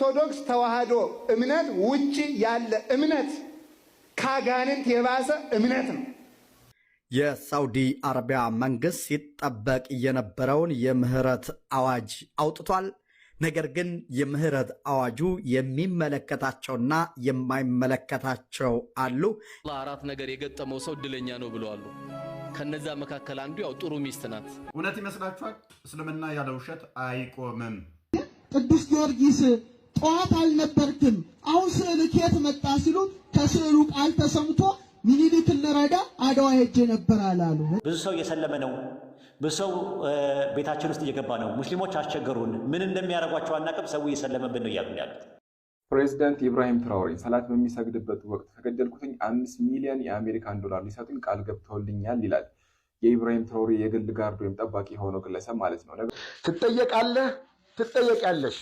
ከኦርቶዶክስ ተዋህዶ እምነት ውጭ ያለ እምነት ካጋንንት የባሰ እምነት ነው። የሳውዲ አረቢያ መንግስት ሲጠበቅ የነበረውን የምህረት አዋጅ አውጥቷል። ነገር ግን የምህረት አዋጁ የሚመለከታቸውና የማይመለከታቸው አሉ። አራት ነገር የገጠመው ሰው እድለኛ ነው ብለዋሉ። ከነዛ መካከል አንዱ ያው ጥሩ ሚስት ናት። እውነት ይመስላችኋል? እስልምና ያለ ውሸት አይቆምም። ቅዱስ ጊዮርጊስ ጠዋት አልነበርክም፣ አሁን ስዕል ከየት መጣ ሲሉ ከስዕሉ ቃል ተሰምቶ ሚኒሊክን ልረዳ አድዋ ሄጄ ነበር አላሉ። ብዙ ሰው እየሰለመ ነው። ብዙ ሰው ቤታችን ውስጥ እየገባ ነው። ሙስሊሞች አስቸገሩን፣ ምን እንደሚያደርጓቸው አናውቅም፣ ሰው እየሰለመብን ነው እያሉ ያሉት ፕሬዚደንት ኢብራሂም ትራውሪ ሰላት በሚሰግድበት ወቅት ከገደልኩትኝ አምስት ሚሊዮን የአሜሪካን ዶላር ሊሰጡኝ ቃል ገብተውልኛል ይላል የኢብራሂም ትራኦሬ የግል ጋርድ ወይም ጠባቂ የሆነው ግለሰብ ማለት ነው። ትጠየቃለህ፣ ትጠየቂያለሽ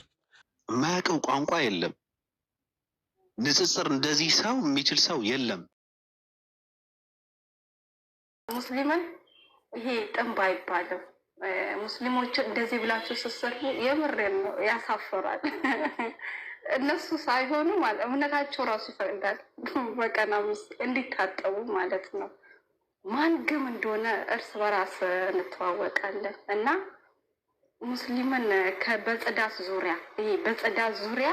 የማያውቀው ቋንቋ የለም። ንጽጽር እንደዚህ ሰው የሚችል ሰው የለም። ሙስሊምን ይሄ ጥንብ አይባልም። ሙስሊሞች እንደዚህ ብላችሁ ስትሰሩ የምሬን ነው ያሳፍራል። እነሱ ሳይሆኑ ማለት እምነታቸው ራሱ ይፈቅዳል በቀን አምስት እንዲታጠቡ ማለት ነው። ማን ግም እንደሆነ እርስ በራስ እንተዋወቃለን እና ሙስሊምን በጽዳት ዙሪያ ይሄ በጽዳት ዙሪያ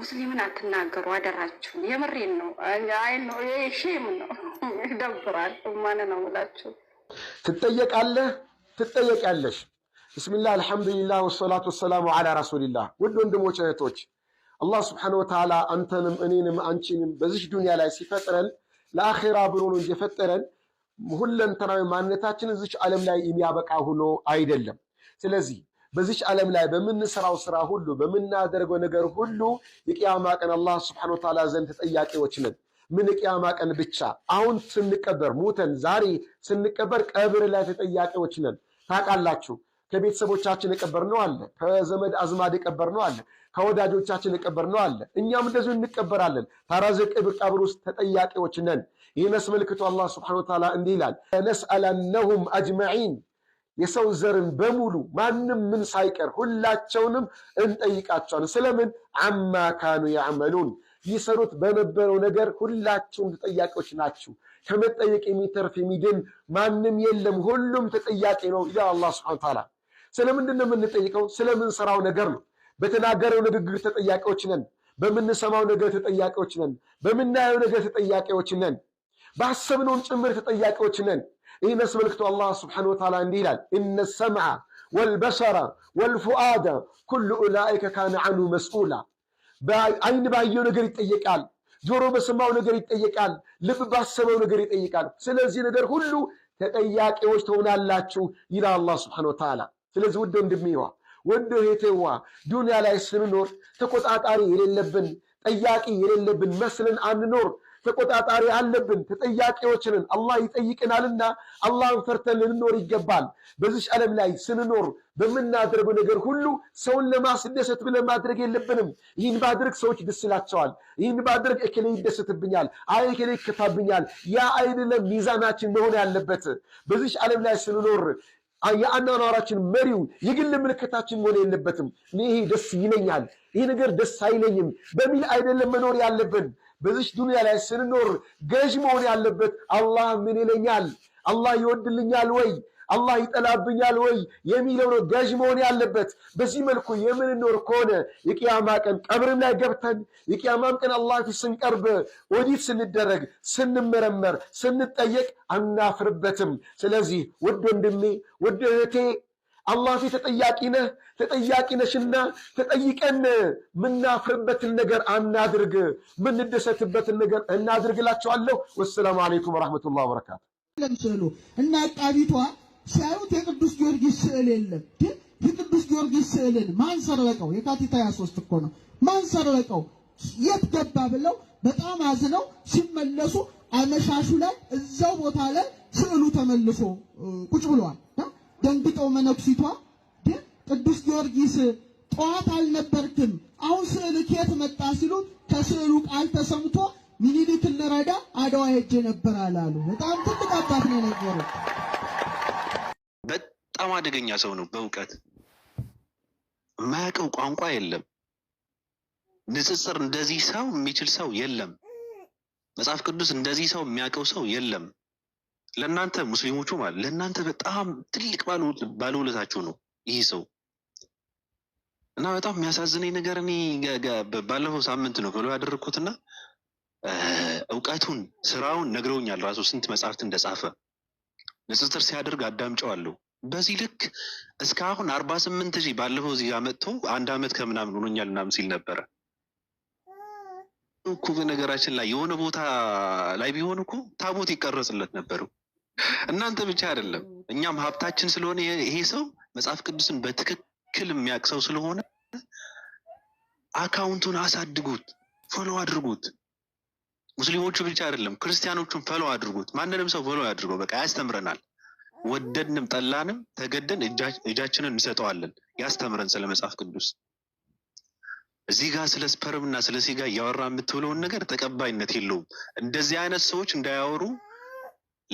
ሙስሊምን አትናገሩ አደራችሁ። የምሬን ነው። አይ ነው ሼም ነው። ይደብራል። ማን ነው ሙላችሁ ትጠየቃለህ፣ ትጠየቂያለሽ። ብስሚላ አልሐምዱሊላህ፣ ወሰላቱ ወሰላሙ አላ ረሱሊላህ። ውድ ወንድሞች እህቶች፣ አላህ ስብሓነሁ ወተዓላ አንተንም እኔንም አንቺንም በዚህ ዱንያ ላይ ሲፈጥረን ለአኼራ ብሎ ነው እንጂ የፈጠረን ሁለንተናዊ ማንነታችን እዚች ዓለም ላይ የሚያበቃ ሁኖ አይደለም። ስለዚህ በዚች ዓለም ላይ በምንሰራው ስራ ሁሉ በምናደርገው ነገር ሁሉ የቅያማ ቀን አላህ ስብሐነሁ ወተዓላ ዘንድ ተጠያቂዎች ነን። ምን የቅያማ ቀን ብቻ አሁን ስንቀበር ሙተን ዛሬ ስንቀበር ቀብር ላይ ተጠያቂዎች ነን። ታውቃላችሁ ከቤተሰቦቻችን የቀበር ነው አለ፣ ከዘመድ አዝማድ የቀበር ነው አለ፣ ከወዳጆቻችን የቀበር ነው አለ። እኛም እንደዚሁ እንቀበራለን። ታራዘ ቅብር ቀብር ውስጥ ተጠያቂዎች ነን። ይህን አስመልክቶ አላህ ስብሐነሁ ወተዓላ እንዲህ ይላል ነስአለነሁም አጅመዒን የሰው ዘርን በሙሉ ማንም ምን ሳይቀር ሁላቸውንም እንጠይቃቸዋለን። ስለምን አማ ካኑ ያዕመሉን ይሰሩት በነበረው ነገር ሁላችሁም ተጠያቂዎች ናችሁ። ከመጠየቅ የሚተርፍ የሚድን ማንም የለም፣ ሁሉም ተጠያቂ ነው ይላል አላህ ሱብሓነሁ ወተዓላ። ስለምንድን ነው የምንጠይቀው? ስለምንሰራው ነገር ነው። በተናገረው ንግግር ተጠያቂዎች ነን። በምንሰማው ነገር ተጠያቂዎች ነን። በምናየው ነገር ተጠያቂዎች ነን። ባሰብነውን ጭምር ተጠያቂዎች ነን። ይህን አስመልክቶ አላህ ስብሓነሁ ወተዓላ እንዲህ ይላል፣ እነ ሰምዐ ወልበሰረ ወልፉአደ ኩሉ ኡላኢከ ካነ ዐንሁ መስኡላ። አይን ባየው ነገር ይጠየቃል። ጆሮ በሰማው ነገር ይጠየቃል። ልብ ባሰበው ነገር ይጠይቃል። ስለዚህ ነገር ሁሉ ተጠያቂዎች ትሆናላችሁ ይላል አላህ ስብሓነሁ ወተዓላ። ስለዚህ ውድ ወንድሜዋ ወንድ እህቴዋ ዱንያ ላይ ስንኖር ተቆጣጣሪ የሌለብን ጠያቂ የሌለብን መስለን አንኖር። ተቆጣጣሪ አለብን። ተጠያቂዎችንን አላህ ይጠይቅናልና አላህን ፈርተን ልንኖር ይገባል። በዚች ዓለም ላይ ስንኖር በምናደርገው ነገር ሁሉ ሰውን ለማስደሰት ብለን ማድረግ የለብንም። ይህን ባድርግ ሰዎች ደስ ይላቸዋል፣ ይህን ባድርግ እክሌ ይደሰትብኛል፣ አይ እክሌ ይከፋብኛል። ያ አይደለም ሚዛናችን መሆን ያለበት። በዚች ዓለም ላይ ስንኖር የአኗኗራችን መሪው የግል ምልክታችን መሆን የለበትም። ይሄ ደስ ይለኛል፣ ይሄ ነገር ደስ አይለኝም በሚል አይደለም መኖር ያለብን። በዚች ዱንያ ላይ ስንኖር ገዥ መሆን ያለበት አላህ ምን ይለኛል፣ አላህ ይወድልኛል ወይ አላህ ይጠላብኛል ወይ የሚለው ነው ገዥ መሆን ያለበት። በዚህ መልኩ የምንኖር ከሆነ የቅያማ ቀን ቀብርም ላይ ገብተን የቅያማም ቀን አላህ ፊት ስንቀርብ ወዲት ስንደረግ፣ ስንመረመር፣ ስንጠየቅ አናፍርበትም። ስለዚህ ውድ ወንድሜ ውድ እህቴ አላህ ሲ ተጠያቂ ነህ ተጠያቂ ነሽና ተጠይቀን ምናፍርበትን ነገር አናድርግ፣ ምንደሰትበትን ነገር እናድርግላቸዋለሁ። ወሰላሙ አለይኩም ወራህመቱላሂ ወበረካቱ። ለምስሉ እና አቃቢቷ ሲያዩት የቅዱስ ጊዮርጊስ ስዕል የለም። የቅዱስ ጊዮርጊስ ስዕልን ማን ሰረቀው? የካቲት 23 እኮ ነው። ማን ሰረቀው? የት ገባ ብለው በጣም አዝነው ሲመለሱ አመሻሹ ላይ እዛው ቦታ ላይ ስዕሉ ተመልሶ ቁጭ ብሏል። ደንግጠው መነኩሲቷ ግን ቅዱስ ጊዮርጊስ ጠዋት አልነበርክም አሁን ስዕል ከየት መጣ ሲሉ ከስዕሉ ቃል ተሰምቶ ሚኒሊክን ልረዳ አድዋ ሄጄ ነበር አላሉ። በጣም ትልቅ አባት ነው የነበሩ። በጣም አደገኛ ሰው ነው። በእውቀት የማያውቀው ቋንቋ የለም። ንጽጽር እንደዚህ ሰው የሚችል ሰው የለም። መጽሐፍ ቅዱስ እንደዚህ ሰው የሚያውቀው ሰው የለም። ለእናንተ ሙስሊሞቹ ማለት ለእናንተ በጣም ትልቅ ባለውለታችሁ ነው ይህ ሰው እና በጣም የሚያሳዝነኝ ነገር እኔ ባለፈው ሳምንት ነው ብሎ ያደረግኩትና እውቀቱን ስራውን ነግረውኛል። ራሱ ስንት መጽሐፍት እንደጻፈ ንጽጽር ሲያደርግ አዳምጨዋለሁ። በዚህ ልክ እስካሁን አርባ ስምንት ሺህ ባለፈው እዚህ መጥቶ አንድ አመት ከምናምን ሆኖኛል ምናምን ሲል ነበረ እኮ በነገራችን ላይ የሆነ ቦታ ላይ ቢሆን እኮ ታቦት ይቀረጽለት ነበረው እናንተ ብቻ አይደለም፣ እኛም ሀብታችን ስለሆነ ይሄ ሰው መጽሐፍ ቅዱስን በትክክል የሚያውቅ ሰው ስለሆነ አካውንቱን አሳድጉት፣ ፎሎ አድርጉት። ሙስሊሞቹ ብቻ አይደለም፣ ክርስቲያኖቹን ፈሎ አድርጉት። ማንንም ሰው ፈሎ አድርገው። በቃ ያስተምረናል። ወደድንም ጠላንም ተገደን እጃችንን እንሰጠዋለን። ያስተምረን ስለ መጽሐፍ ቅዱስ። እዚህ ጋር ስለ ስፐርምና ስለ ሲጋ እያወራ የምትውለውን ነገር ተቀባይነት የለውም። እንደዚህ አይነት ሰዎች እንዳያወሩ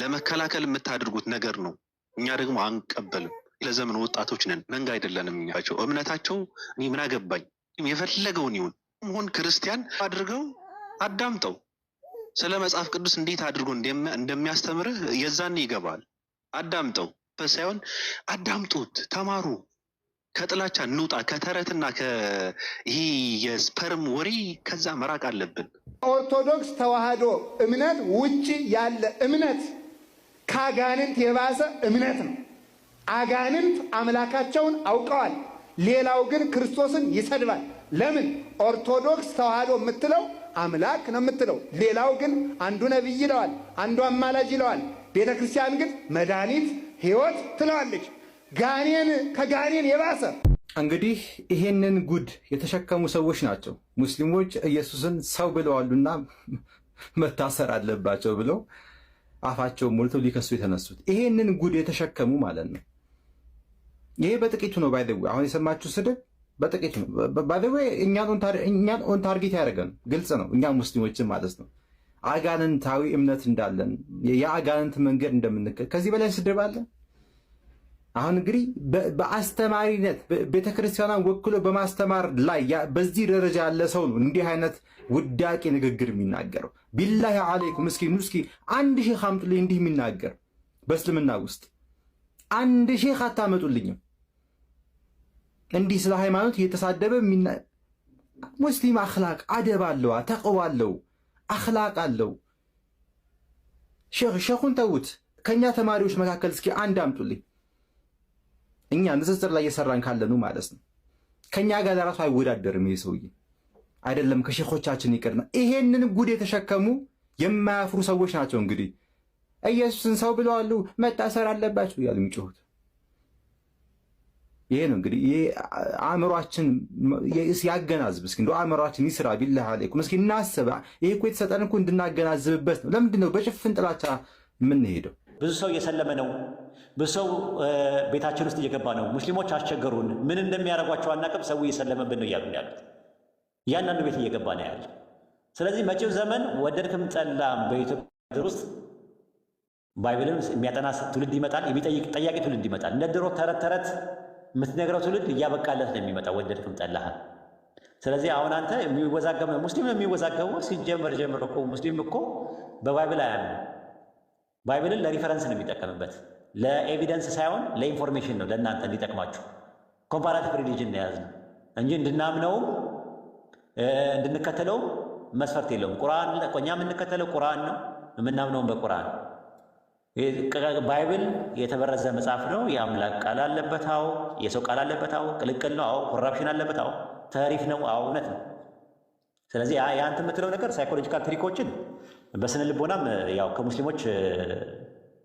ለመከላከል የምታደርጉት ነገር ነው። እኛ ደግሞ አንቀበልም። ለዘመን ወጣቶች ነን፣ መንጋ አይደለንም። ቸው እምነታቸው እኔ ምን አገባኝ፣ የፈለገውን ይሁን ሆን ክርስቲያን አድርገው አዳምጠው ስለ መጽሐፍ ቅዱስ እንዴት አድርጎ እንደሚያስተምርህ የዛን ይገባል። አዳምጠው ሳይሆን አዳምጡት፣ ተማሩ። ከጥላቻ እንውጣ። ከተረትና ይሄ የስፐርም ወሬ ከዛ መራቅ አለብን። ኦርቶዶክስ ተዋህዶ እምነት ውጭ ያለ እምነት ከአጋንንት የባሰ እምነት ነው። አጋንንት አምላካቸውን አውቀዋል። ሌላው ግን ክርስቶስን ይሰድባል። ለምን? ኦርቶዶክስ ተዋህዶ የምትለው አምላክ ነው የምትለው። ሌላው ግን አንዱ ነቢይ ይለዋል፣ አንዱ አማላጅ ይለዋል። ቤተ ክርስቲያን ግን መድኃኒት፣ ህይወት ትለዋለች። ጋኔን ከጋኔን የባሰ እንግዲህ ይሄንን ጉድ የተሸከሙ ሰዎች ናቸው ሙስሊሞች ኢየሱስን ሰው ብለዋሉና መታሰር አለባቸው ብለው አፋቸው ሞልተው ሊከሱ የተነሱት ይሄንን ጉድ የተሸከሙ ማለት ነው። ይሄ በጥቂቱ ነው። ባይ ዌይ አሁን የሰማችሁ ስድብ በጥቂቱ ነው። ባይ ዌይ እኛን ኦን ታርጌት ያደረገን ግልጽ ነው። እኛ ሙስሊሞችን ማለት ነው አጋንንታዊ እምነት እንዳለን የአጋንንት መንገድ እንደምንከ ከዚህ በላይ ስድብ አለ። አሁን እንግዲህ በአስተማሪነት ቤተክርስቲያኗን ወክሎ በማስተማር ላይ በዚህ ደረጃ ያለ ሰው ነው እንዲህ አይነት ውዳቂ ንግግር የሚናገረው። ቢላሂ አለይኩም እስኪ ኑ አንድ ሺህ አምጡልኝ እንዲህ የሚናገር በእስልምና ውስጥ አንድ ሺህ አታመጡልኝም። እንዲህ ስለ ሃይማኖት እየተሳደበ ሙስሊም አኽላቅ አደብ አለዋ፣ ተቅዋ አለው፣ አኽላቅ አለው። ሼኹን ተዉት። ከእኛ ተማሪዎች መካከል እስኪ አንድ አምጡልኝ። እኛ ንጽጽር ላይ እየሰራን ካለኑ ማለት ነው። ከኛ ጋር ለራሱ አይወዳደርም ይሄ ሰውዬ አይደለም ከሼኮቻችን ይቅርና ይሄንን ጉድ የተሸከሙ የማያፍሩ ሰዎች ናቸው። እንግዲህ ኢየሱስን ሰው ብለዋሉ መታሰር አለባቸው እያሉ የሚጮሁት ይሄ ነው። እንግዲህ ይሄ አእምሯችን ያገናዝብ እስኪ እንደው አእምሯችን ይስራ። ቢላህ አለይኩም እስኪ እናስብ። ይሄ እኮ የተሰጠን እኮ እንድናገናዝብበት ነው። ለምንድን ነው በጭፍን ጥላቻ የምንሄደው? ብዙ ሰው እየሰለመ ነው በሰው ቤታችን ውስጥ እየገባ ነው። ሙስሊሞች አስቸገሩን፣ ምን እንደሚያደርጓቸው አናቅም፣ ሰው እየሰለመብን ነው እያሉ ያሉት እያንዳንዱ ቤት እየገባ ነው ያለ። ስለዚህ መጪው ዘመን ወደድክም ጠላም በኢትዮጵያ ውስጥ ባይብልን የሚያጠና ትውልድ ይመጣል፣ የሚጠይቅ ጠያቂ ትውልድ ይመጣል። እንደ ድሮ ተረት ተረት የምትነግረው ትውልድ እያበቃለት ነው የሚመጣ ወደድክም ጠላህም። ስለዚህ አሁን አንተ የሚወዛገመ ሙስሊም የሚወዛገመ የሚወዛገበው። ሲጀምር ጀምር እኮ ሙስሊም እኮ በባይብል አያምንም። ባይብልን ለሪፈረንስ ነው የሚጠቀምበት ለኤቪደንስ ሳይሆን ለኢንፎርሜሽን ነው፣ ለእናንተ እንዲጠቅማችሁ ኮምፓራቲቭ ሪሊጅን ነው የያዝነው እንጂ እንድናምነውም እንድንከተለውም መስፈርት የለውም። ቁርአን እኛ የምንከተለው ቁርአን ነው፣ የምናምነውም በቁርአን ባይብል የተበረዘ መጽሐፍ ነው። የአምላክ ቃል አለበት። አዎ፣ የሰው ቃል አለበት። አዎ፣ ቅልቅል ነው። አዎ፣ ኮራፕሽን አለበት። አዎ፣ ተሪፍ ነው። አዎ፣ እውነት ነው። ስለዚህ የአንተ የምትለው ነገር ሳይኮሎጂካል ትሪኮችን በስነ ልቦናም ያው ከሙስሊሞች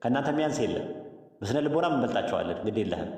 ከእናንተ የሚያንስ የለም። በስነ ልቦና እንበልጣቸዋለን። ግድ የለህም።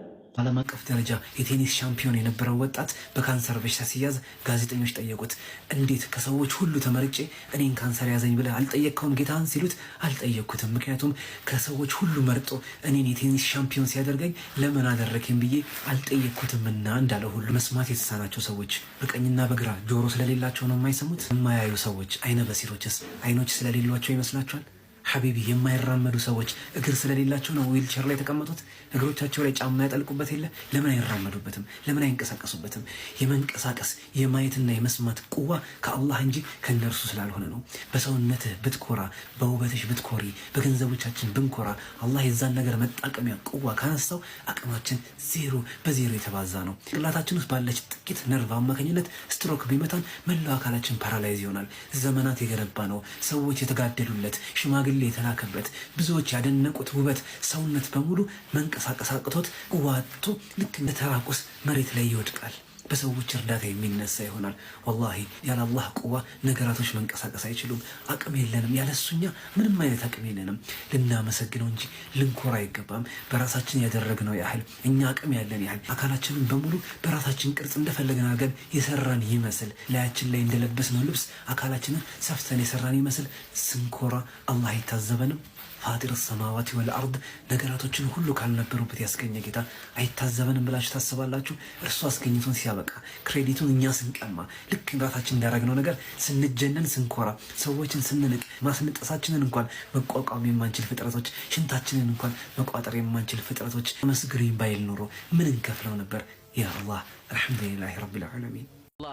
ዓለም አቀፍ ደረጃ የቴኒስ ሻምፒዮን የነበረው ወጣት በካንሰር በሽታ ሲያዝ ጋዜጠኞች ጠየቁት። እንዴት ከሰዎች ሁሉ ተመርጬ እኔን ካንሰር ያዘኝ ብለህ አልጠየቅከውም ጌታን? ሲሉት አልጠየቅኩትም፣ ምክንያቱም ከሰዎች ሁሉ መርጦ እኔን የቴኒስ ሻምፒዮን ሲያደርገኝ ለምን አደረግህም ብዬ አልጠየቅኩትምና እንዳለ ሁሉ መስማት የተሳናቸው ሰዎች በቀኝና በግራ ጆሮ ስለሌላቸው ነው የማይሰሙት። የማያዩ ሰዎች አይነ በሲሮችስ አይኖች ስለሌሏቸው ይመስላችኋል? ሀቢቢ የማይራመዱ ሰዎች እግር ስለሌላቸው ነው ዊልቸር ላይ የተቀመጡት። እግሮቻቸው ላይ ጫማ ያጠልቁበት የለ ለምን አይራመዱበትም? ለምን አይንቀሳቀሱበትም? የመንቀሳቀስ የማየትና የመስማት ቁዋ ከአላህ እንጂ ከእነርሱ ስላልሆነ ነው። በሰውነትህ ብትኮራ፣ በውበትሽ ብትኮሪ፣ በገንዘቦቻችን ብንኮራ አላህ የዛን ነገር መጣቀሚያ ቁዋ ካነሳው አቅማችን ዜሮ በዜሮ የተባዛ ነው። ጭንቅላታችን ውስጥ ባለች ጥቂት ነርቭ አማካኝነት ስትሮክ ቢመታን መላው አካላችን ፓራላይዝ ይሆናል። ዘመናት የገነባ ነው ሰዎች የተጋደሉለት ሽማግሌ ሽማግሌ የተላከበት ብዙዎች ያደነቁት ውበት ሰውነት በሙሉ መንቀሳቀስ አቅቶት ዋጥቶ ልክ እንደ ተራቁስ መሬት ላይ ይወድቃል። በሰዎች እርዳታ የሚነሳ ይሆናል። ወላሂ ያለ አላህ ቁዋ ነገራቶች መንቀሳቀስ አይችሉም። አቅም የለንም። ያለሱኛ ምንም አይነት አቅም የለንም። ልናመሰግነው እንጂ ልንኮራ አይገባም። በራሳችን ያደረግነው ያህል እኛ አቅም ያለን ያህል አካላችንን በሙሉ በራሳችን ቅርጽ እንደፈለግን አድርገን የሰራን ይመስል ላያችን ላይ እንደለበስነው ልብስ አካላችንን ሰፍተን የሰራን ይመስል ስንኮራ አላህ አይታዘበንም። ፋጢር ሰማዋት ወልአርድ ነገራቶችን ሁሉ ካልነበሩበት ያስገኘ ጌታ አይታዘበንም ብላችሁ ታስባላችሁ? እርሱ አስገኝቱን ሲያበቃ ክሬዲቱን እኛ ስንቀማ፣ ልክ ራሳችን እንዳደረግነው ነገር ስንጀነን፣ ስንኮራ፣ ሰዎችን ስንንቅ፣ ማስነጠሳችንን እንኳን መቋቋም የማንችል ፍጥረቶች፣ ሽንታችንን እንኳን መቋጠር የማንችል ፍጥረቶች መስግሪን ባይል ኖሮ ምን እንከፍለው ነበር? ያ አላህ አልሐምዱሊላህ ረቢል ዓለሚን።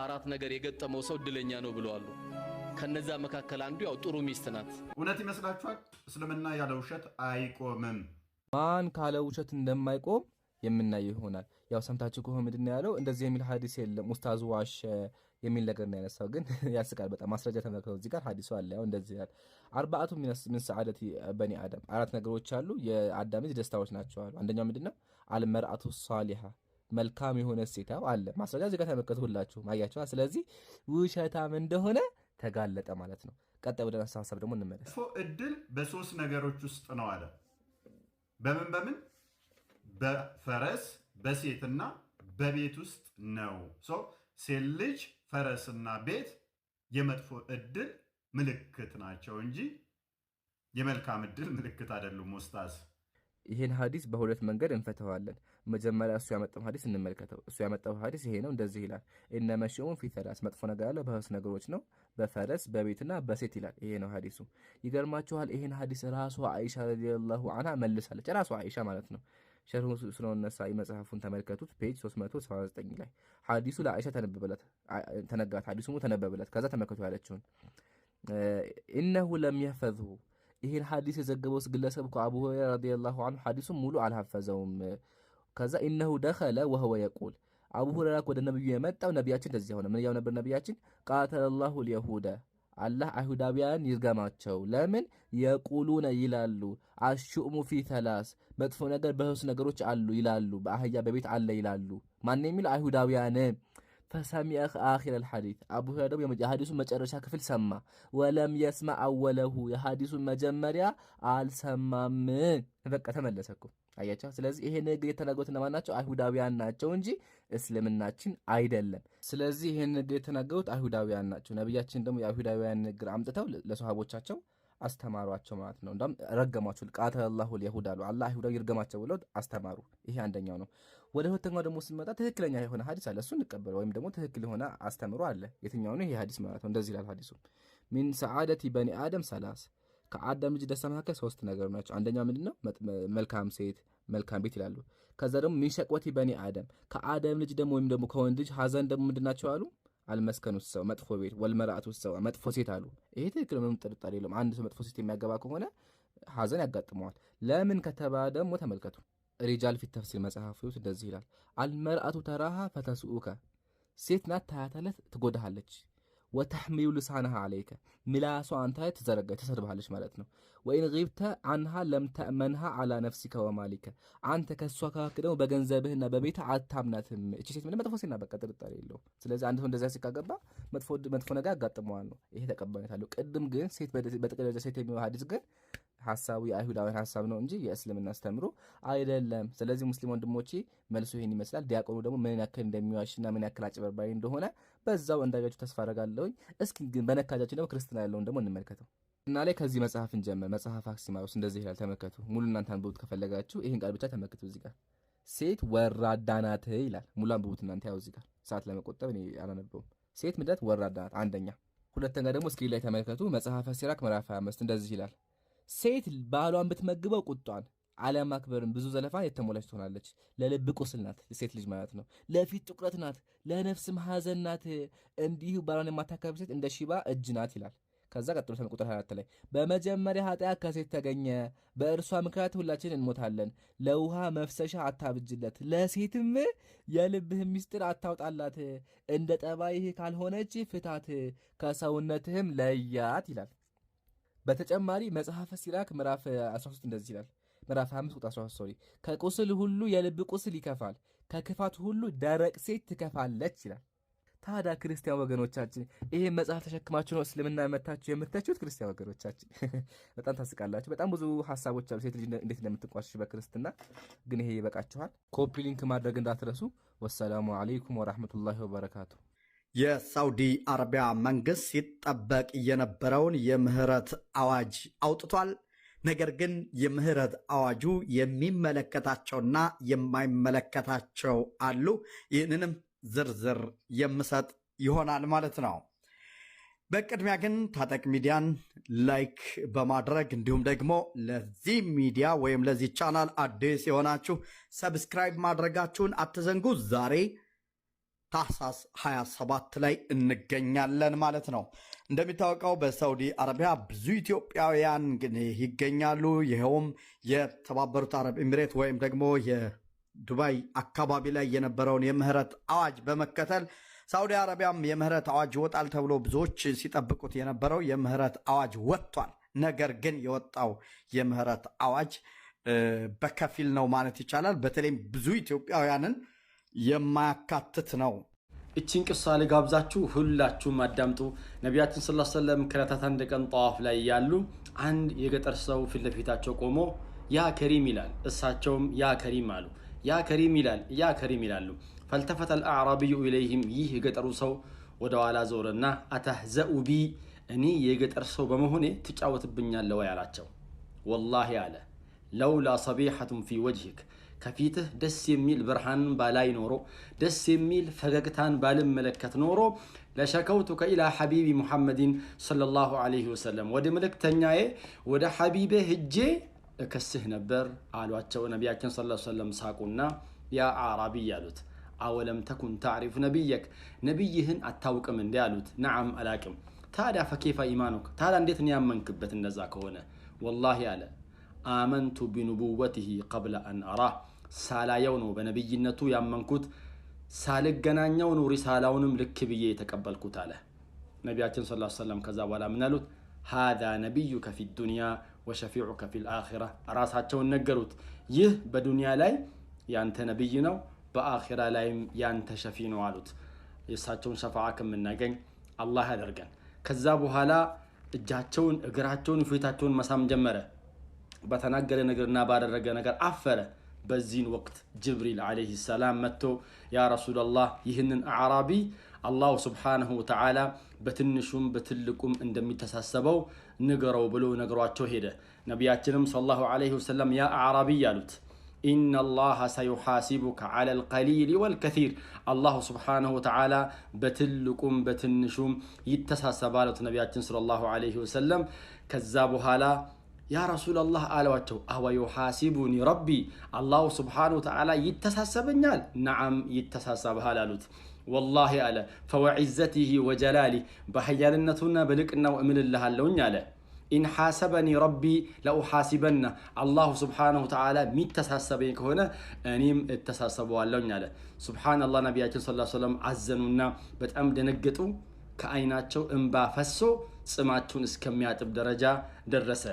አራት ነገር የገጠመው ሰው እድለኛ ነው ብለዋሉ። ከነዛ መካከል አንዱ ያው ጥሩ ሚስት ናት። እውነት ይመስላችኋል? እስልምና ያለ ውሸት አይቆምም። ማን ካለ ውሸት እንደማይቆም የምናየው ይሆናል። ያው ሰምታችሁ ከሆነ ምንድን ነው ያለው? እንደዚህ የሚል ሀዲስ የለም ኡስታዝ ዋሸ የሚል ነገር ነው ያነሳው። ግን ያስቃል በጣም ማስረጃ ተመልክተው እዚህ ጋር ሀዲሱ አለ። ያው እንደዚህ ያል አርባአቱ ምን ሰዓደት በኒ አደም፣ አራት ነገሮች አሉ የአዳም ልጅ ደስታዎች ናቸው አሉ። አንደኛው ምንድን ነው? አልመርአቱ ሳሊሃ መልካም የሆነ ሴት አለ። ማስረጃ እዚህ ጋር ተመልከቱ፣ ስለዚህ ውሸታም እንደሆነ ተጋለጠ ማለት ነው። ቀጣይ ወደ ነሳ ሀሳብ ደግሞ እንመለስ። እድል በሶስት ነገሮች ውስጥ ነው አለ። በምን በምን? በፈረስ በሴትና በቤት ውስጥ ነው። ሴት ልጅ፣ ፈረስና ቤት የመጥፎ እድል ምልክት ናቸው እንጂ የመልካም እድል ምልክት አይደሉም። ኡስታዝ ይህን ሀዲስ በሁለት መንገድ እንፈተዋለን። መጀመሪያ እሱ ያመጣው ሀዲስ እንመልከተው። እሱ ያመጣው ሀዲስ ይሄ ነው። እንደዚህ ይላል ኢነመ ሺኡን ፊ መጥፎ ነገር ያለው በህስ ነገሮች ነው፣ በፈረስ በቤትና በሴት ይላል። ይሄ ነው ሀዲሱ። ይገርማችኋል፣ ይሄን ሀዲስ ራሷ አይሻ ረዲየላሁ አንሃ መልሳለች። ራሱ አይሻ ማለት ነው። ሸርሁ ሱነን ነሳኢ መጽሐፉን ተመልከቱት ፔጅ 379 ላይ ሀዲሱ ለአይሻ ተነበበለት ተነጋት ሀዲሱ ተነበበለት። ከዛ ተመልከቱ ያለችውን እነሁ ለም የህፈዝሁ ይህን ሀዲስ የዘገበውስ ግለሰብ እኮ አቡ ሁረይራ ረዲየላሁ አንሁ ሀዲሱን ሙሉ አልሀፈዘውም ከዛ ኢነሁ ደኸለ ወህወ የቁል አቡ ሁረራ ወደ ነብዩ የመጣው ነቢያችን እንደዚህ ሆነ። ምን ያው ነበር ነቢያችን ቃተለላሁ ልየሁደ አላህ አይሁዳውያን ይርገማቸው። ለምን የቁሉነ ይላሉ፣ አሹሙ ፊ ተላስ መጥፎ ነገር በሶስት ነገሮች አሉ ይላሉ፣ በአህያ በቤት አለ ይላሉ። ማን የሚለው አይሁዳውያን ፈሰሚዐ አኺረል ሐዲስ አቡ ሁረይራ ደግሞ የሐዲሱን መጨረሻ ክፍል ሰማ። ወለም የስመዕ አወለሁ የሐዲሱን መጀመሪያ አልሰማም። በቃ ተመለሰ እኮ አያቸው። ስለዚህ ይሄ ንግግር የተናገሩት እነማን ናቸው? አይሁዳውያን ናቸው እንጂ እስልምናችን አይደለም። ስለዚህ ይሄ ንግግር የተናገሩት አይሁዳውያን ናቸው። ነቢያችን ደግሞ የአይሁዳውያን ንግግር አምጥተው ለሰሃቦቻቸው አስተማሯቸው ማለት ነው። እንዳውም ረገሟቸው። ቃተለ ልየሁድ አሉ። አላህ አይሁዳዊ ይርገማቸው ብለው አስተማሩ። ይሄ አንደኛው ነው። ወደ ሁለተኛው ደግሞ ስንመጣ ትክክለኛ የሆነ ሀዲስ አለ። እሱ እንቀበለ ወይም ደግሞ ትክክል የሆነ አስተምሮ አለ። የትኛው ነው ይሄ ሀዲስ ማለት ነው? እንደዚህ ይላል ሀዲሱ ሚን ሰዓደቲ በኒ አደም ሰላስ ከአዳም ልጅ ደስታ መካከል ሶስት ነገር ናቸው። አንደኛው ምንድን ነው? መልካም ሴት፣ መልካም ቤት ይላሉ። ከዛ ደግሞ ሚን ሸቅወቲ በኒ አደም ከአደም ልጅ ደግሞ ወይም ደግሞ ከወንድ ልጅ ሀዘን ደግሞ ምንድን ናቸው አሉ አልመስከን ውስጥ ሰው መጥፎ ቤት ወልመርአት ውስጥ ሰው መጥፎ ሴት አሉ። ይሄ ትክክል ምንም ጥርጣሬ የለውም። አንድ ሰው መጥፎ ሴት የሚያገባ ከሆነ ሀዘን ያጋጥመዋል። ለምን ከተባ ደግሞ ተመልከቱ ሪጃል ፊት ተፍሲል መጽሐፍ ውስጥ እንደዚህ ይላል፣ አልመርአቱ ተራሃ ፈተስኡከ፣ ሴት ናት ታያታለህ፣ ትጎዳሃለች። ወተሕሚሉ ልሳንሃ አለይከ፣ ምላሷ አንተ ላይ ትዘረጋ ተሰድባሃለች ማለት ነው። ወኢን ጊብተ አንሃ ለምተእመንሃ አላ ነፍሲከ ወማሊከ፣ አንተ ከእሷ ከካክ ደግሞ በገንዘብህና በቤት አታምናትም። እቺ ሴት ምንም መጥፎ ሴት ናት፣ በቃ ጥርጣሬ የለውም። ስለዚህ አንድ ሰው እንደዚያ ሴት መጥፎ ነገር ያጋጥመዋል ነው። ይሄ ተቀባይነት አለው። ቅድም ግን ሴት በጥቅል ሴት የሚሆን ሀዲስ ግን ሀሳቡ የአይሁዳውያን ሀሳብ ነው እንጂ የእስልምና አስተምሮ አይደለም። ስለዚህ ሙስሊም ወንድሞቼ መልሱ ይህን ይመስላል። ዲያቆኑ ደግሞ ምን ያክል እንደሚዋሽና ምን ያክል አጭበርባሪ እንደሆነ በዛው እንዳያችሁ ተስፋ አደርጋለሁኝ። እስኪ ግን በነካጃችን ደግሞ ክርስትና ያለውን ደግሞ እንመልከተው እና ላይ ከዚህ መጽሐፍ እንጀምር። መጽሐፍ አክሲማሮስ እንደዚህ ይላል፣ ተመልከቱ። ሙሉ እናንተ አንብቡት ከፈለጋችሁ፣ ይህን ቃል ብቻ ተመልከቱ። እዚህ ጋር ሴት ወራዳ ናት ይላል። ሙሉ አንብቡት እናንተ። ያው እዚህ ጋር ሰዓት ለመቆጠብ እኔ አላነበውም። ሴት ምድረት ወራዳ ናት አንደኛ። ሁለተኛ ደግሞ እስክሪን ላይ ተመልከቱ። መጽሐፈ ሲራክ ምዕራፍ 25 እንደዚህ ይላል ሴት ባሏን ብትመግበው ቁጧን አለማክበርን ብዙ ዘለፋን የተሞላች ትሆናለች። ለልብ ቁስል ናት ሴት ልጅ ማለት ነው። ለፊት ጥቁረት ናት፣ ለነፍስም ሐዘን ናት። እንዲሁ ባሏን የማታከብር ሴት እንደ ሽባ እጅ ናት ይላል። ከዛ ቀጥሎ ሰን ቁጥር 24 ላይ በመጀመሪያ ኃጢአት ከሴት ተገኘ፣ በእርሷ ምክንያት ሁላችን እንሞታለን። ለውሃ መፍሰሻ አታብጅለት፣ ለሴትም የልብህ ምስጢር አታውጣላት። እንደ ጠባይህ ካልሆነች ፍታት፣ ከሰውነትህም ለያት ይላል። በተጨማሪ መጽሐፈ ሲራክ ምዕራፍ 13 እንደዚህ ይላል። ምዕራፍ 5 ቁጥር 13 ሶሪ ከቁስል ሁሉ የልብ ቁስል ይከፋል፣ ከክፋት ሁሉ ደረቅ ሴት ትከፋለች ይላል። ታዲያ ክርስቲያን ወገኖቻችን ይህ መጽሐፍ ተሸክማችሁ ነው እስልምና መታችሁ የምታችሁት? ክርስቲያን ወገኖቻችን በጣም ታስቃላችሁ። በጣም ብዙ ሀሳቦች አሉ፣ ሴት ልጅ እንዴት እንደምትንቋሽሽ በክርስትና ግን ይሄ ይበቃችኋል። ኮፒ ሊንክ ማድረግ እንዳትረሱ። ወሰላሙ አለይኩም ወራህመቱላሂ ወበረካቱ። የሳውዲ አረቢያ መንግስት ሲጠበቅ የነበረውን የምህረት አዋጅ አውጥቷል። ነገር ግን የምህረት አዋጁ የሚመለከታቸውና የማይመለከታቸው አሉ። ይህንንም ዝርዝር የምሰጥ ይሆናል ማለት ነው። በቅድሚያ ግን ታጠቅ ሚዲያን ላይክ በማድረግ እንዲሁም ደግሞ ለዚህ ሚዲያ ወይም ለዚህ ቻናል አዲስ የሆናችሁ ሰብስክራይብ ማድረጋችሁን አትዘንጉ። ዛሬ ታህሳስ 27 ላይ እንገኛለን ማለት ነው። እንደሚታወቀው በሳውዲ አረቢያ ብዙ ኢትዮጵያውያን ይገኛሉ። ይኸውም የተባበሩት አረብ ኤምሬት ወይም ደግሞ የዱባይ አካባቢ ላይ የነበረውን የምህረት አዋጅ በመከተል ሳውዲ አረቢያም የምህረት አዋጅ ይወጣል ተብሎ ብዙዎች ሲጠብቁት የነበረው የምህረት አዋጅ ወጥቷል። ነገር ግን የወጣው የምህረት አዋጅ በከፊል ነው ማለት ይቻላል። በተለይም ብዙ ኢትዮጵያውያንን የማያካትት ነው። እቺን ቅሳ ጋብዛችሁ ሁላችሁም አዳምጡ። ነቢያችን ስ ሰለም ከረታት አንድ ቀን ጠዋፍ ላይ ያሉ አንድ የገጠር ሰው ፊት ለፊታቸው ቆሞ ያ ከሪም ይላል። እሳቸውም ያ ከሪም አሉ። ያ ከሪም ይላል፣ ያ ከሪም ይላሉ። ፈልተፈተ አልአዕራቢዩ ኢለይህም፣ ይህ የገጠሩ ሰው ወደ ኋላ ዞረና አተህዘኡ ቢ፣ እኔ የገጠር ሰው በመሆኔ ትጫወትብኛለ ወይ አላቸው። ወላሂ አለ ለውላ ሰቢሐቱን ፊ ወጅህክ ከፊትህ ደስ የሚል ብርሃን ባላይ ኖሮ ደስ የሚል ፈገግታን ባልመለከት ኖሮ ለሸከውቱከ ኢላ ሐቢቢ ሙሐመድን ሰለላሁ ዐለይሂ ወሰለም ወደ መልእክተኛዬ ወደ ሐቢቤ ሂጄ እከስህ ነበር አሏቸው። ነቢያችን ሰለላሁ ዐለይሂ ሳቁና ያ አዕራቢይ አሉት። አወለም ተኩን ታዕሪፉ ነቢየክ ነቢይህን አታውቅም እንዴ አሉት። ነዓም አላቅም። ታዲያ ፈኬፋ ኢማኑክ ታዲያ እንዴት ያመንክበት እንደዛ ከሆነ ወላሂ አለ አመንቱ ቢኑቡወትህ ቀብለ አን አራ ሳላየው ነው በነቢይነቱ ያመንኩት ሳልገናኘው ነው ሪሳላውንም ልክ ብዬ የተቀበልኩት አለ ነቢያችን ስ ሰለም ከዛ በኋላ ምን አሉት ሃዛ ነቢዩከ ፊ ዱንያ ወሸፊዑከ ፊ ልአኪራ ራሳቸውን ነገሩት ይህ በዱንያ ላይ ያንተ ነቢይ ነው በአኺራ ላይም ያንተ ሸፊ ነው አሉት የእሳቸውን ሸፋዓ ከምናገኝ አላህ ያደርገን ከዛ በኋላ እጃቸውን እግራቸውን ፊታቸውን መሳም ጀመረ በተናገረ ነገርና ባደረገ ነገር አፈረ። በዚህን ወቅት ጅብሪል ዓለይሂ ሰላም መጥቶ ያ ረሱላላህ ይህንን አዕራቢ አላሁ ስብሓነሁ ወተዓላ በትንሹም በትልቁም እንደሚተሳሰበው ንገረው ብሎ ነግሯቸው ሄደ። ነቢያችንም ሰለላሁ ዓለይሂ ወሰለም ያ አዕራቢ ያሉት ኢነ ላሃ ሰዩሓሲቡከ ዓለል ቀሊል ወልከሲር፣ አላሁ ስብሓነሁ ወተዓላ በትልቁም በትንሹም ይተሳሰባሉት ነቢያችን ሰለላሁ ዓለይሂ ወሰለም ከዛ በኋላ ያ ረሱላላህ አለዋቸው። አወ ረቢ አላሁ ስብሓነሁ ወተዓላ ይተሳሰበኛል? ነዓም ይተሳሰብሃል አሉት። ወላሂ አለ ፈወዒዘቲሂ ወጀላሊ በሀያልነቱና በልቅናው እምልልሃለውኝ አለ ኢን ሓሰበኒ ረቢ ለኡሓሲበና አላሁ ስብሓነሁ ወተዓላ የሚተሳሰበኝ ከሆነ እኔም እተሳሰበዋለውኝ አለ። ሱብሓነላህ ነቢያችን ሰለላሁ ዐለይሂ ወሰለም አዘኑና በጣም ደነገጡ። ከአይናቸው እምባ ፈሶ ጽማቸውን እስከሚያጥብ ደረጃ ደረሰ።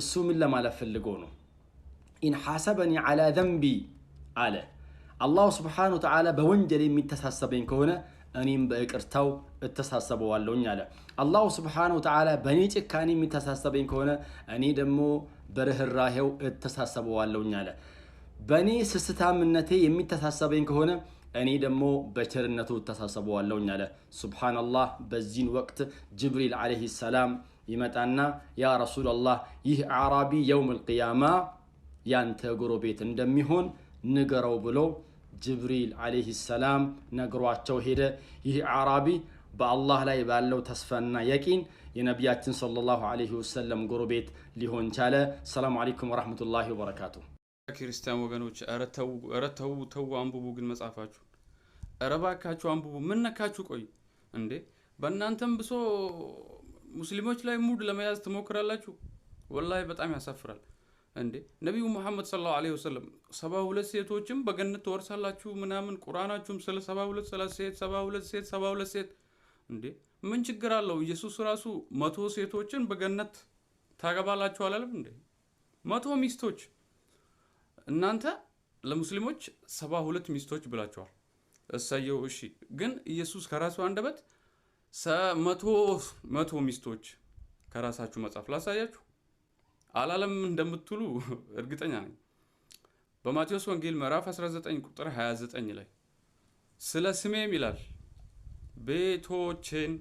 እሱ ምን ለማለት ፈልጎ ነው? ኢን ሐሰበኒ ዓላ ዘንቢ አለ አላሁ ስብሓነሁ ወተዓላ በወንጀል የሚተሳሰበኝ ከሆነ እኔም በእቅርታው እተሳሰበዋለሁኝ አለ። አላሁ ስብሓነሁ ወተዓላ በእኔ ጭካኔ የሚተሳሰበኝ ከሆነ እኔ ደግሞ በርህራሄው እተሳሰበዋለሁኝ አለ። በእኔ ስስታምነቴ የሚተሳሰበኝ ከሆነ እኔ ደግሞ በቸርነቱ እተሳሰበዋለሁኝ አለ። ሱብሓነላህ። በዚህን ወቅት ጅብሪል ዓለይሂ ሰላም ይመጣና ያ ረሱላላህ ይህ አዕራቢ የውም ልቅያማ ያንተ ጎረቤት እንደሚሆን ንገረው ብሎ ጅብሪል ዓለይህ ሰላም ነግሯቸው ሄደ። ይህ አዕራቢ በአላህ ላይ ባለው ተስፋና የቂን የነቢያችን ሰለላሁ አለይህ ወሰለም ጎረቤት ሊሆን ቻለ። ሰላሙ አለይኩም ወረሕመቱላሂ ወበረካቱ። ክርስቲያን ወገኖች ኧረ ተው ተው፣ አንብቡ ግን መጽሐፋችሁ። ኧረ እባካችሁ አንብቡ። ምን ነካችሁ? ቆይ እንዴ በእናንተም ብሶ ሙስሊሞች ላይ ሙድ ለመያዝ ትሞክራላችሁ። ወላ በጣም ያሳፍራል። እንዴ ነቢዩ ሙሐመድ ስለ ላ ወሰለም ሰባ ሁለት ሴቶችም በገነት ትወርሳላችሁ ምናምን፣ ቁርአናችሁም ስለ ሰባ ሁለት ሰላ ሴት ሰባ ሁለት ሴት ሰባ ሁለት ሴት እንዴ ምን ችግር አለው? ኢየሱስ ራሱ መቶ ሴቶችን በገነት ታገባላችሁ አላለም እንዴ? መቶ ሚስቶች እናንተ ለሙስሊሞች ሰባ ሁለት ሚስቶች ብላችኋል። እሰየው እሺ። ግን ኢየሱስ ከራሱ አንደበት መቶ መቶ ሚስቶች ከራሳችሁ መጽሐፍ ላሳያችሁ አላለም እንደምትሉ እርግጠኛ ነኝ። በማቴዎስ ወንጌል ምዕራፍ 19 ቁጥር 29 ላይ ስለ ስሜም ይላል ቤቶችን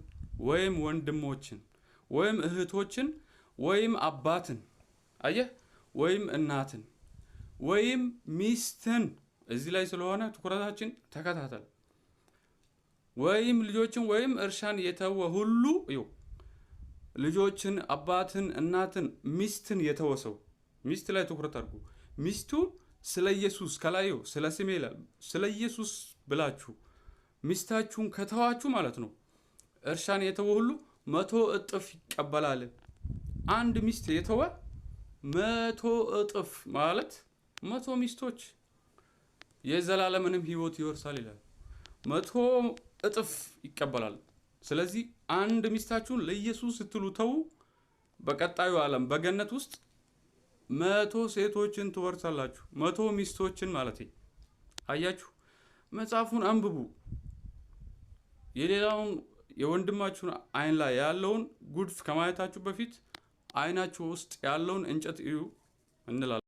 ወይም ወንድሞችን ወይም እህቶችን ወይም አባትን አየህ ወይም እናትን ወይም ሚስትን እዚህ ላይ ስለሆነ ትኩረታችን ተከታተል። ወይም ልጆችን ወይም እርሻን የተወ ሁሉ ልጆችን፣ አባትን፣ እናትን፣ ሚስትን የተወ ሰው ሚስት ላይ ትኩረት አድርጉ። ሚስቱ ስለ ኢየሱስ ከላየው ስለ ስሜ ይላል። ስለ ኢየሱስ ብላችሁ ሚስታችሁን ከተዋችሁ ማለት ነው እርሻን የተወ ሁሉ መቶ እጥፍ ይቀበላል። አንድ ሚስት የተወ መቶ እጥፍ ማለት መቶ ሚስቶች የዘላለምንም ሕይወት ይወርሳል ይላል። መቶ እጥፍ ይቀበላል። ስለዚህ አንድ ሚስታችሁን ለኢየሱስ ስትሉ ተው። በቀጣዩ ዓለም በገነት ውስጥ መቶ ሴቶችን ትወርሳላችሁ። መቶ ሚስቶችን ማለት አያችሁ። መጽሐፉን አንብቡ። የሌላውን የወንድማችሁን አይን ላይ ያለውን ጉድፍ ከማየታችሁ በፊት አይናችሁ ውስጥ ያለውን እንጨት እዩ እንላለን።